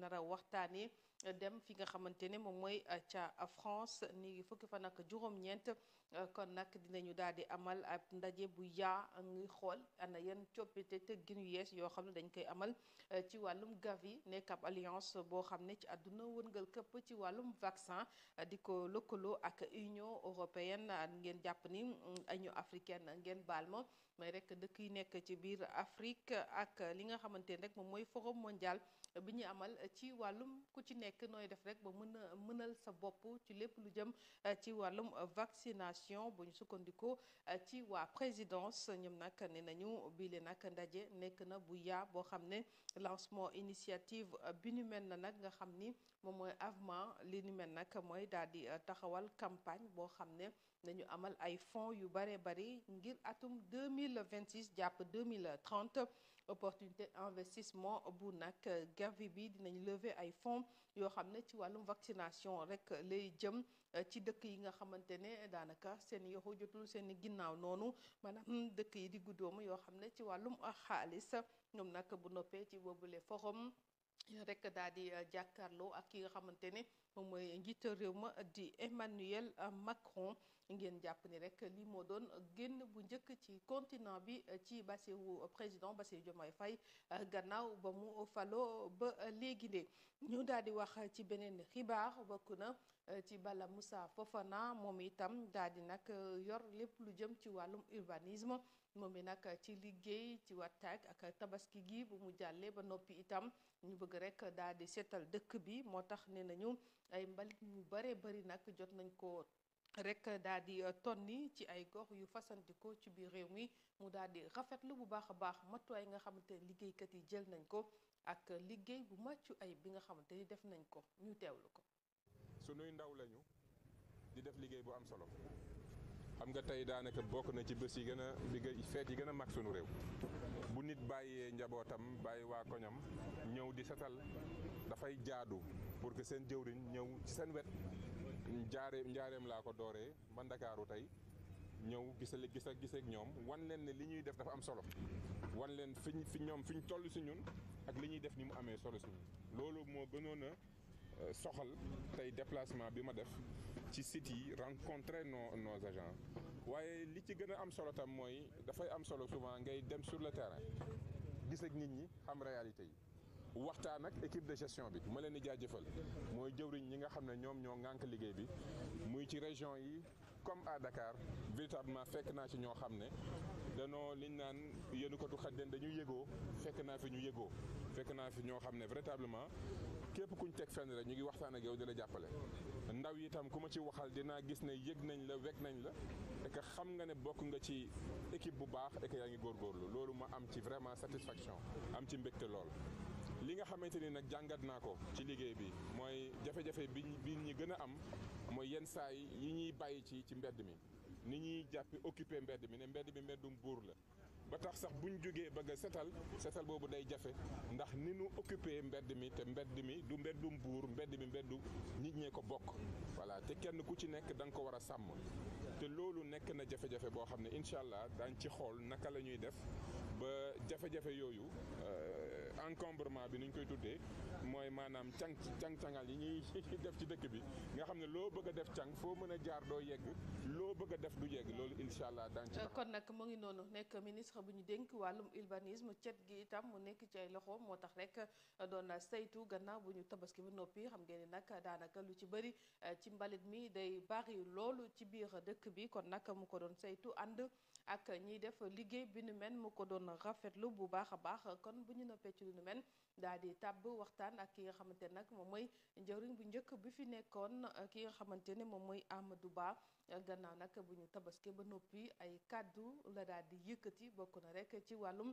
nar a waxtaanee dem fi nga xamante ne moom mooy euh, ca euh, France ni fukki fan ak juróom-ñeent euh, kon nag dinañu daal di amal ab ndaje bu yaa ngi xool ana yan coppite tëggin yu yees yoo xam ne dañ koy amal ci wàllum Gavi nekk ab alliance boo xam ne ci àdduna wërngal këpp ci wàllum vaccin di ko lëkkaloo ak Union européenne ngeen jàpp ni mm, Union africaine ngeen baal ma mais rek dëkk yi nekk ci biir Afrique ak li nga xamante ni rek moom mooy forum mondial bi ñu amal ci wàllum ku ci nekk. nekk nooy def rek ba mën a mënal sa bopp ci lépp lu jëm euh, ci wàllum euh, vaccination bu ñu sukkandikoo euh, ci waa présidence ñoom nag ne nañu bii le nag ndaje nekk na bu yaa boo xam ne lancement initiative bi ñu mel na nag nga xam ni moom mooy avement li nu mel nag mooy daal di taxawal campagne boo xam ne nañu amal ay fonds yu bare bari ngir atum 2026 jàpp 2030 opportunité investissement bu nag euh, Gavi bi dinañ lever ay fonds yoo xam ne ci wàllum vaccination rek lay jëm euh, ci dëkk yi nga xamante ne daanaka seen yoxu jotul seen ginnaaw noonu maanaam dëkk yi di guddoom yoo xam ne ci wàllum xaalis ñoom nag bu noppee ci boobule forum rekk daal di euh, jàkkaarloo ak ki nga xamante ne moom mooy njiital réew ma di Emmanuel Macron ngeen jàpp ni rek lii moo doon génn bu njëkk ci continent bi eh, ci Bassirou eh, président Bassirou Diomaye fay eh, gannaaw ba mu falo ba léegi de ñu daal di wax ci beneen xibaar bokk na ci bala Moussa Fofana moom itam daal di nag yor lépp lu jëm ci wàllum urbanisme moom mi nag ci liggéey ci wattaak ak tabaski gi bu mu jàllee ba noppi itam ñu bëgg rek daal di seetal dëkk bi moo tax nee nañu ay mbalit mu bare bari nag jot nañ ko rek daal di euh, tonni ci ay gox yu fasantikoo ko ci biir réew mi mu daal di rafetlu bu baax a baax matuwaay nga xamante ne liggéeykat yi jël nañ ko ak liggéey bu màccu ay bi nga xamante ni def nañ ko ñu teewlu ko. sunuy ndaw lañu di def liggéey bu am solo xam nga tey daanaka bokk na ci bés yi gën a liggéey feet yi gën a mag sunu réew bu nit bàyyee njabootam bàyyi waa koñam ñëw di satal dafay jaadu pour que seen jëwriñ ñëw ci seen wet jaaree njaareem laa ko dooree ba Ndakaaru tey ñëw gisal gisa giseek ñoom wan leen ne li ñuy def dafa am solo wan leen fiñ fi ñoom fi ñu toll si ñun ak li ñuy def ni mu amee solo si ñun loolu moo gënoon a euh, soxal tey déplacement bi ma def ci site yi rencontrer nos nos agents waaye li ci gën a am solo tam mooy dafay am solo souvent ngay dem sur le terrain gis nit ñi xam réalité yi waxtaan ak équipe de gestion bi ma leen di jaajëfal mooy jëwriñ ñi nga xam ne ñoom ñoo ŋànk liggéey bi muy ci région yi comme à Dakar véritablement fekk naa ci ñoo xam ne danoo liñ naan yéenu ko tu xaj dañu yëgoo fekk naa fi ñu yëgoo fekk naa fi ñoo xam ne véritablement képp kuñ teg fenn rek ñu ngi waxtaan ak yow di la jàppale ndaw yi tam ku ma ci waxal dinaa gis ne yëg nañ la wekk nañ la et xam nga ne bokk nga ci équipe bu baax et yaa ngi góorgóorlu loolu ma am ci vraiment satisfaction am ci mbégte lool li nga xamante ni nag jàngat naa ko ci liggéey bi mooy jafe-jafe bi bi ñi gën a am mooy yenn saa yi ñuy bàyyi ci ci mbedd mi ni ñuy jàppi occupé mbedd mi ne mbedd mi mbeddum buur la ba tax sax buñ jógee bëgg a setal setal boobu day jafe ndax ni nu occupé mbedd mi te mbedd mi du mbeddum buur mbedd mi mbeddu nit ñee ko bokk voilà te kenn ku ci nekk danga ko war a sàmm te loolu nekk na jafe-jafe boo xam ne incha allah daañ ci xool naka la ñuy def ba jafe-jafe yooyu euh, encombrement bi ni ñu koy tuddee mooy maanaam càng càng-cangal yi ñuy def ci dëkk bi nga xam ne loo bëgg a def càng foo mën a jaar doo yegg loo bëgg def du yegg loolu incha allah daan ci kon nag mu ngi noonu nekk ministre bu ñu dénk wàllum urbanisme cet gi itam mu nekk ci ay loxo moo tax rek doon saytu gannaaw bu ñu tabaski ba noppi xam ngeen ni nag daanaka lu ci bëri eh, ci mbalit mi day bari loolu ci biir dëkk bi kon nag mu ko doon saytu ànd ak ñiy def liggéey bi nu mel mu ko doon rafetlu bu baax a baax kon bu ñu noppee ci lu nu mel daal di tàbb waxtaan ak ki nga xamante nag moom mooy njëriñ bu njëkk bi fi nekkoon ki nga xamante ne moom mooy Amadou Ba gannaaw nag bu ñu tabaske ba noppi ay kàddu la daal di yëkkati bokk na rek ci wàllum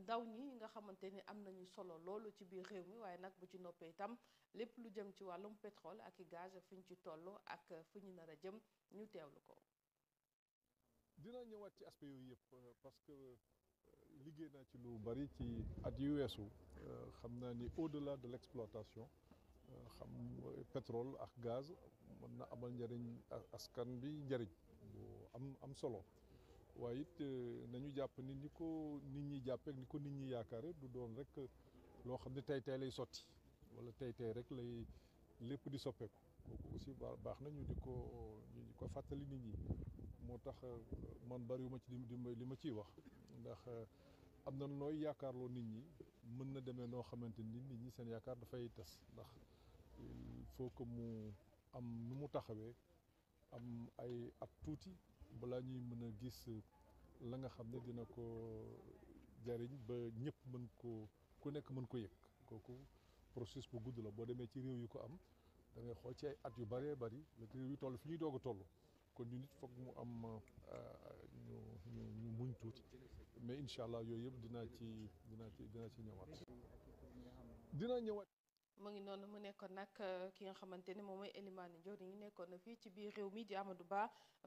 ndaw ñi nga xamante ni am nañu solo loolu ci biir réew mi waaye nag bu ci noppee itam lépp lu jëm ci wàllum pétrole ak gaz fi ñu ci toll ak fu ñu nar a jëm ñu teewlu ko. dina ñëwaat ci aspect yooyu yëpp euh, parce que euh, liggéey naa ci lu bari ci at yu weesu euh, xam naa ni de delà de l'exploitation xam pétrole ak gaz mën na amal njëriñ askan bi njëriñ bu am am solo waaye it nañu jàpp ni ni ko nit ñi jàppee ni ko nit ñi yaakaare du doon rek loo xam ne tey tey lay sotti wala tey tey rek lay lépp di soppeeku kooku aussi baax nañu di ko ñu di ko fàttali nit ñi moo tax man bariwuma ci li ma ciy wax ndax am na nooy yaakaarloo nit ñi mën na demee noo xamante ni nit ñi seen yaakaar dafay tas ndax il ko que mu am nu mu taxawee am ay at tuuti balaa ñuy mën a gis la nga xam ne dina ko jariñ ba ñëpp mën ko ku nekk mën ko yëg kooku processus bu gudd la boo demee ci réew yi ko am da ngay xool ci at yu bëree bari la réew yu toll fi ñuy doog a toll kon ñu nit foog mu am euh, ñu ñu muñ tuuti mais incha allah yooyu yëpp dinaa ci dinaa ci dinaa ci ñëwaat. dinaa ñëwaat. mu ngi noonu mu nekkoon nag euh, ki nga xamante ne moom mooy Elimane Ndione ñu nekkoon na fii ci biir réew mi di Amadou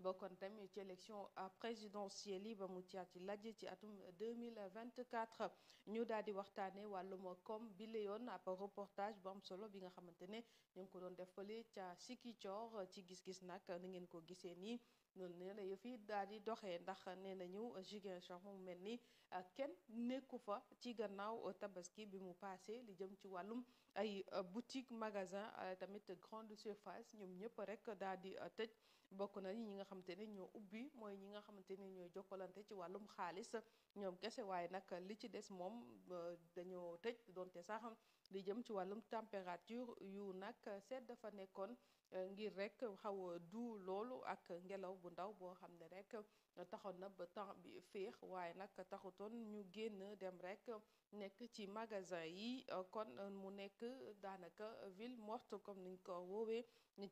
Ba kon tamit ci élection présidentielle yi ba mu caat ci lajj ci atum 2024 ñu daal di waxtaane wàllum koom bi la yoon ab reportage bu am solo bi nga xamante ne ñu ngi ko doon def fële ca Sikicoor ci gis-gis nag ni ngeen ko gisee nii loolu nee na yëf yi daal di doxee ndax nee nañu Ziguinchor mu mel ni ah, kenn nekku fa ci gannaaw tabaski bi mu paasee li jëm ci wàllum ay ah, boutique magasin ah, tamit grande surface ñoom ñëpp rek daal di tëj bokk na ñi nga xamante ne ñoo ubbi mooy ñi nga xamante ne ñooy jokkalante ci wàllum xaalis ñoom kese waaye nag li ci des moom dañoo tëj donte sax li jëm ci wàllum température yu nag sedd dafa nekkoon Euh, ngir rek xaw a du loolu ak ngelaw bu ndaw boo xam ne rek taxoon na ba temps bi féex waaye nag taxutoon ñu génn dem rek nekk ci magasin yi kon mu nekk daanaka ville morte comme niñ ko woowee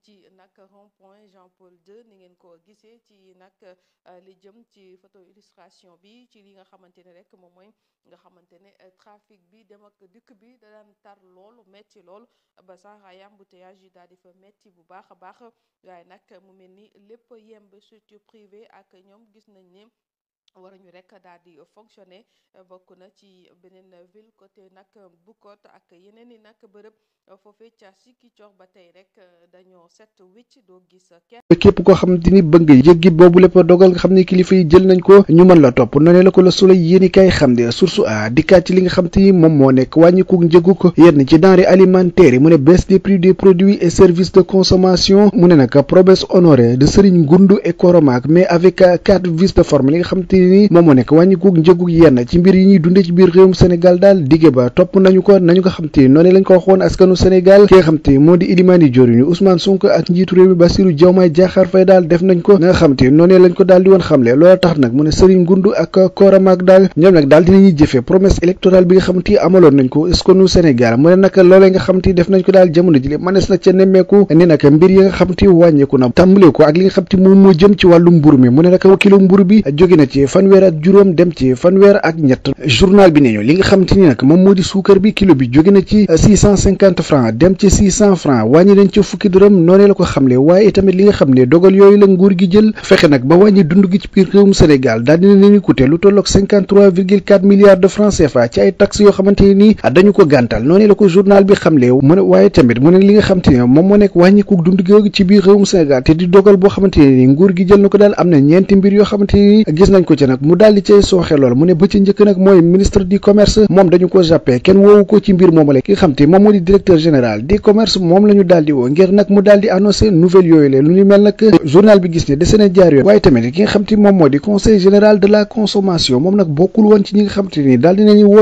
ci nag rond point Jean Paul II ni ngeen ko gisee ci nag euh, li jëm ci photo illustration bi ci li nga xamante ne rek moom mooy nga xamante ne euh, trafic bi dem ak dikk bi da daan tar loolu metti lool ba sax ay yi daal di fa metti bu baax a baax waaye nag mu mel ni lépp yemb structure privé ak ñoom gis nañ ni waruñu rek daal di fonctionner bokk na ci beneen ville côté nag Bukot ak yeneen i nag bërëb foofee ca Sikicoor ba tey rek dañoo set wicc doo gis kenn. képp koo xam te ni bëgg jéggi boobu lépp dogal nga xam ne kilifa jël nañ ko ñu mën la topp nonee la ko la solo yéenekaay xam ne source a dikkaat ci li nga xam te ni moom moo nekk wàññikuk njëguk yenn ci denrée alimentaire yi mu ne baisse des prix des produits et services de consommation mu ne nag promesse honorée de Serigne Goundou et Koromack mais avec quatre vices de li nga xam ni nii moom moo nekk wàññi guug njëgug yenn ci mbir yi ñuy dunde ci biir réewum Sénégal daal digge ba topp nañu ko nañu nga xam te noonu ko waxoon woon xamle loola tax nag mu ne Serigne Goundou ak daal ñoom nag daal dinañuy jëfee promesse électorale bi nga xam amaloon nañ ko askanu Sénégal mu ne nag nga xam def nañ ko daal jamono ji li na ca nemmeeku ni nag mbir yi nga xam wàññeeku na tàmbale ak li nga xam moom moo fanweer ak juróom dem ci fanweer ak ñett journal bi ne ñu li nga xamante ni nag moom moo di suukar bi kilo bi jóge na ci six cent cinquante franc dem ci six cent franc wàññi nañ ci fukki ko xamle waaye itamit li nga xam ne dogal yooyu la nguur gi jël fexe nag ba wàññi dund gi ci biir réewum Sénégal daal dina leen coûté lu tolloog cinquante trois virgule quatre milliards xamante ne nii dañu ko gàntal noonee la ko journal bi xamle waaye tamit mu ne li nga xamante ne moom moo nekk wàññiku dund googu ci biir réewum Sénégal te di dogal boo xamante ne nguur gi jël na ko daal am na ñeenti mbir yoo xamante ne gis nañ ko ci mu daal di cay sooxe mu ne ba njëkk nag mooy ministre du commerce moom dañu ko jàppee kenn woowu ci mbir moom moo di directeur ngir nag mu daal di nouvelle yooyu la lu ñu mel nag journal bi gis ne dese na jaar woo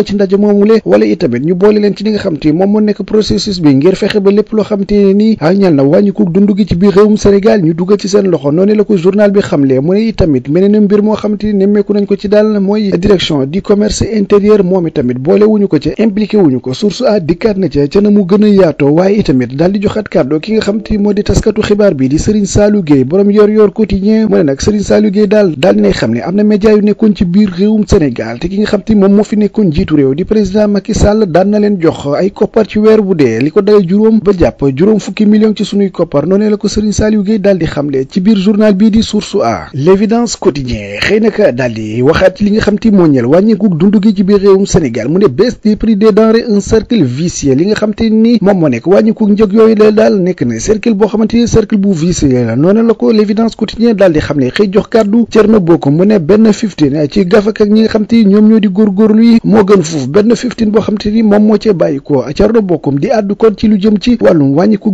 ci ndaje moomule wala itamit ñu boole leen ci li nga xam te moom moo nekk processus bi ngir fexe ba lépp loo xam te nii a ñal na wàññiku ci biir réewum Sénégal ñu dugal ci seen loxo noonu la ko journal bi xam te nemmeeku nañ ko ci daal mooy direction du commerce intérieur moom itamit boole ko ca impliqué ko source a dikkaat na ca ca na mu gën a yaatoo waaye itamit daal di joxaat kàddu ki nga xam te moo di taskatu xibaar bi di Serigne Saliou Guèye borom yor yor quotidien mu ne nag Serigne Saliou Guèye daal daal dinay xam ne am na ki nga xam te moom moo fi nekkoon jiitu réew di président Macky daan na leen jox ay koppar ci weer bu dee li ko dale juróom ba jàpp juróom fukki million ci sunuy koppar noonee la ko Serigne Saliou Guèye daal di xamle ci biir journal bii di source a l'évidence quotidien xëy daal di waxaat ci li nga xam te moo ñeel wàññeeku ci biir Sénégal mu ne baisse des prix des denrées un cercle vicieux li nga xam te ni moom moo nekk wàññeeku njëg yooyu la daal nekk na boo xamante ni bu vicieux la noonu ko l'évidence quotidien daal xam ne xëy jox kàddu Thierno Bocoum mu ne benn fifteen ci gafak ak ñi nga xam ñoom ñoo di góorgóorlu yi moo gën foofu benn fifteen boo xam te ni moom moo cee bàyyi ko Thierno Bocoum di àddu kon ci lu jëm ci wàllum wàññeeku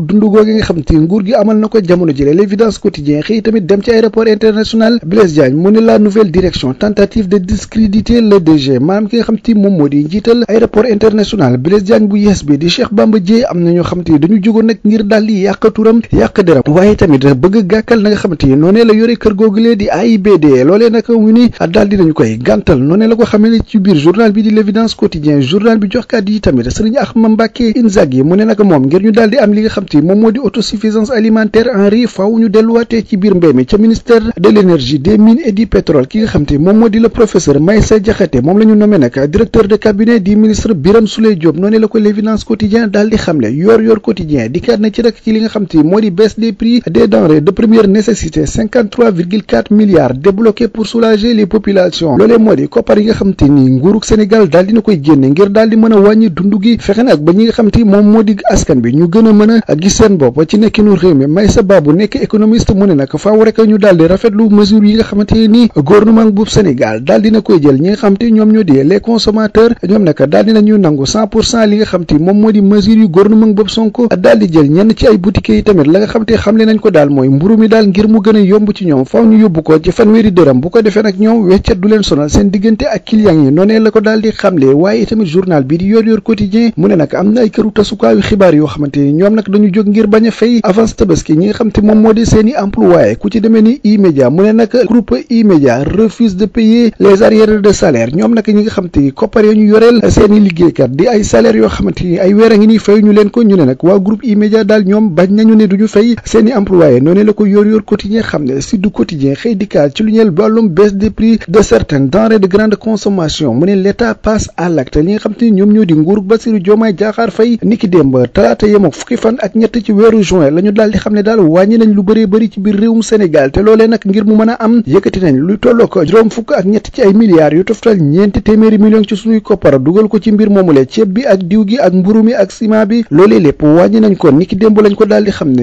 direction tentative de discréditer le DG maanaam ki nga xam te moom moo di njiital aéroport international Blaise bu yees di Cheikh Bamba Dièye am na ñoo xam te dañu jógoon nag ngir daal di turam yàq deram waaye tamit bëgg gàkkal na nga xamante la yore kër googulee di AIBD loolee nag mu ni daal di nañu koy gàntal noonee la ko xamee ne bi di l'évidence quotidien journal bi jox kàddu yi tamit Serigne ñu daal di am li nga xam te moom moo di ñu delluwaatee ci biir mi ca ministère de xam moom moo di le professeur Maïssa Diakhaté moom la ñu nag directeur de cabinet du ministre Birame Souleye Diop noonu la ko l'évidence quotidien daal di xamle yor yor quotidien dikkaat na ci rek ci li nga xam moo di baisse des prix des denrées de première nécessité milliards débloqués pour soulager les populations loolee moo di koppar yi nga xam ni nguurug Sénégal daal dina koy génne ngir daal di mën a wàññi dund gi fexe nag ba ñi nga xam moo bu Sénégal daal dina koy jël ñi nga xam ñoom ñoo di les consommateurs ñoom nag daal dina nangu cent pour cent li nga xam te moom moo di mesure yu gouvernement boobu Sonko daal jël ñenn ci ay boutique yi tamit la nga xam te xamle nañ ko daal mooy mburu mi daal ngir mu gën yomb ci ñoom faw ñu yóbbu ko ci fanweeri dërëm bu ko defee nag ñoom weccet du leen sonal seen diggante ak client yi noonee la ko daal xamle waaye tamit journal bi di yor yor ne nag am na ay këru tasukaayu xibaar ni ñoom nag dañu jóg ngir bañ a fay avance tabaski moo di seeni employé ku ci refuse de payer les arriérés de salaire ñoom nag ñi nga xam te ni koppar ya ñu yoreel seen liggéeykat di ay salaires yoo xamante ni ay weer a ngi nii fay ñu leen ko ñu ne nag waa groupe E-Media daal ñoom bañ nañu ne duñu fay seen i employé noonu la ko yor yor quotidien xam ne si du quotidien xëy dikkaat ci lu ñeel wàllum baisse des prix de certaines denrées de grande consommation mu ne l'état passe à l'acte li nga xam te ni ñoom ñoo di nguur Bassirou Diomaye Diakhar Faye niki démb talaata yem ak fan ak ñett ci weeru juin la ñu daal di xam ne daal wàññi nañ lu bëree bëri ci biir réewum Sénégal te loolee nag ngir mu mën a am yëkkati nañ juróom fukk ak ñett ci ay milliards yu toftal ñeenti téeméeri millions ci suñuy koppar dugal ko ci mbir moomule ceeb bi ak diw gi ak mburu mi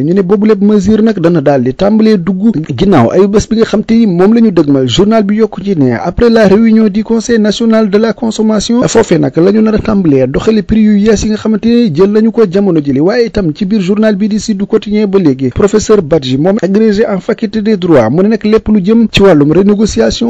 ñu ne boobu lépp mesure nag dana daal di tàmbalee dugg moom la après la réunion du conseil national de la consommation foofee nag la ñu nar a tàmbalee doxale prix yu yees yi nga xamante ne jël nañu ko jamono jëli waaye itam ci biir journal bi di Sud Quotidien ba léegi professeur Badji moom agrégé en faculté des droits mu ne nag lépp lu jëm ci wàllum renégociation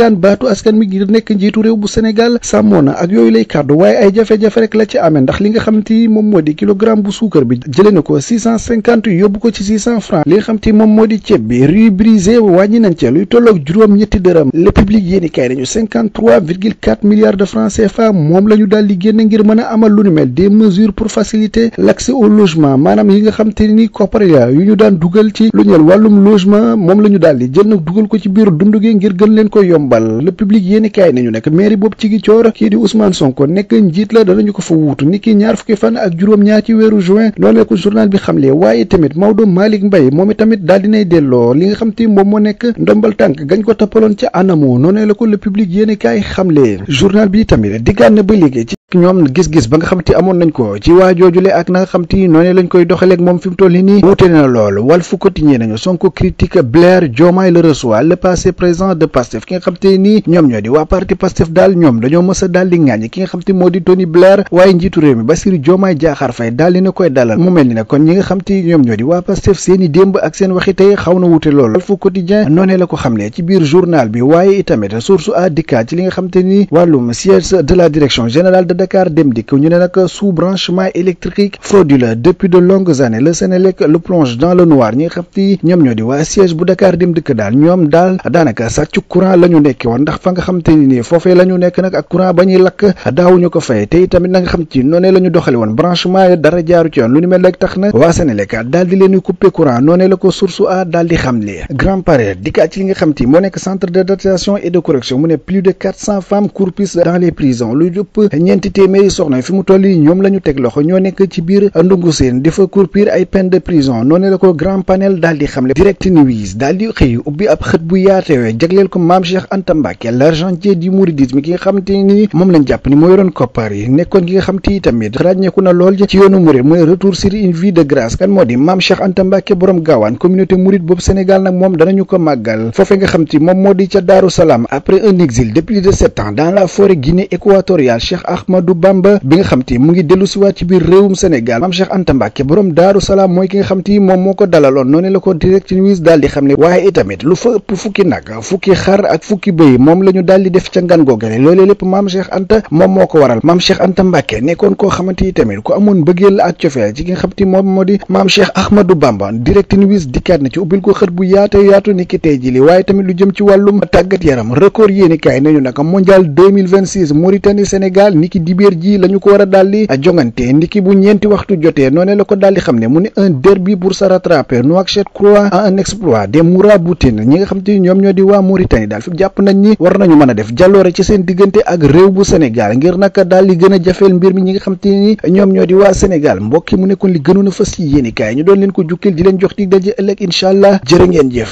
dagaan baatu askan mi ngir nekk njiitu réew bu Sénégal sàmmoon ak yooyu lay kàddu waaye ay jafe-jafe la ci amee ndax li nga xam te moom moo di kilogramme bu suukar bi jëlee na ko six cent cinquante yóbbu ko ci francs li nga xam te moom moo di ceeb bi riz brisé wàññi nañ ca luy tolloog juróom-ñetti dërëm le public yéeni kaay nañu cinquante trois milliards de francs CFA moom la ñu daal ngir mën a amal lu ni mel des mesures pour faciliter l'accès au logement maanaam yi nga xam te ni coopérative yu ñu daan dugal ci lu ñeel wàllum logement la ñu daal di jël nag dugal ko ko yomb Jombal le public kaay nañu nekk mairie boobu ci gi coor kii di Ousmane Sonko nekk njiit la danañu ko fa wuutu ni ki ñaar fukki fan ak juróom-ñaar ci weeru juin loolee ko journal bi xamle waaye tamit Maodo Malick Mbaye moom tamit daal dinay delloo li nga xam te moom moo nekk ndombal tànk gañ ko toppaloon ca anamu noonee la ko le public yéeni kaay xamle journal bi tamit diggaan na ba léegi ñoom gis-gis ba nga xam te amoon nañ ñoo di waa parti daal ñoom dañoo mës a daal di ŋàññi ki nga xam te moo di Tony Blair waaye njiitu réew mi Bassirou Diomaye Diakhar Faye daal di na koy dalal mu mel ni ne kon ñi nga xam ñoom ñoo di waa Pastef seeni démb ak seen waxi xaw na wuute lool Walf Quotidien noonee la ko xam ne ci biir journal bi waaye itamit source a dikkaat ci li nga xam te ni wàllum siège de la direction générale de Dakar Dem Dikk ñu ne nag sous-branchement électrique frauduleux depuis de longues années le Sénélec le plonge dans le noir ñi xam ti ñoom ñoo di waa siège bu Dakar Dem Dikk daal ñoom daal daanaka sàcc courant la nekke woon ndax fa nekk nag ak courant ba lakk daawuñu ko fay te itamit na xam ci noonee la ñu woon branchement dara jaaru ci yoon lu ni mel tax na waa Sénélec daal di leen coupé courant noonee la ko source a ci téeméeri soxna fi mu toll ñoom la ñu teg loxo ñoo nekk ci biir ndungu seen dafa courpir ay peine de prison noonu la ko grand panel daal di xamle direct news daal di xëy ubbi ab xët bu yaatewee jagleel ko maam Cheikh Anta l'argentier du mouridisme ki nga xamante ni moom lañ jàpp ni moo yoroon koppar yi nekkoon ki nga xam te tamit ràññeeku na lool ci yoonu murid mooy retour sur une vie de grâce kan moo di maam Cheikh Anta Mbacke moom danañu ko màggal foofe nga xam te moom moo di ca Daaru Salaam Ahmadou Bamba bi nga xam mu ngi dellu siwaat ci biir réewum Sénégal maam Cheikh Anta Mbacke borom daaru mooy ki nga xam moom moo ko dalaloon noonu la ko direct news daal di xam ne waaye itamit lu fa fukki nag fukki xar ak fukki bëy moom la ñu di def ca ngan googale loolee lépp maam Cheikh Anta moom moo ko waral maam ku amoon bëggeel la ak cofeel ci ki nga xam moom moo di maam Cheikh Ahmadou Bamba direct news dikkaat na ci ubbil dibéer ji la ñu ko war a daal di jongante ndiki bu ñeenti waxtu jotee noonu la ko daal di xam ne mu ne un derby pour se rattraper Nouakchott croit en un exploit des Mourabitoun ñi nga xam te ñoom ñoo di waa Mauritanie daal fi jàpp nañ ni war nañu mëna def jàlloore ci seen diggante ak réew bu Sénégal ngir nag daal di gën a jafeel mbir mi ñi nga xam te ni ñoom ñoo di waa Sénégal mbokki mu nekkoon li gënoon a fas yi yéenikaay ñu doon leen ko jukkil di leen jox di daje ëllëg incha allah jërë ngeen jëf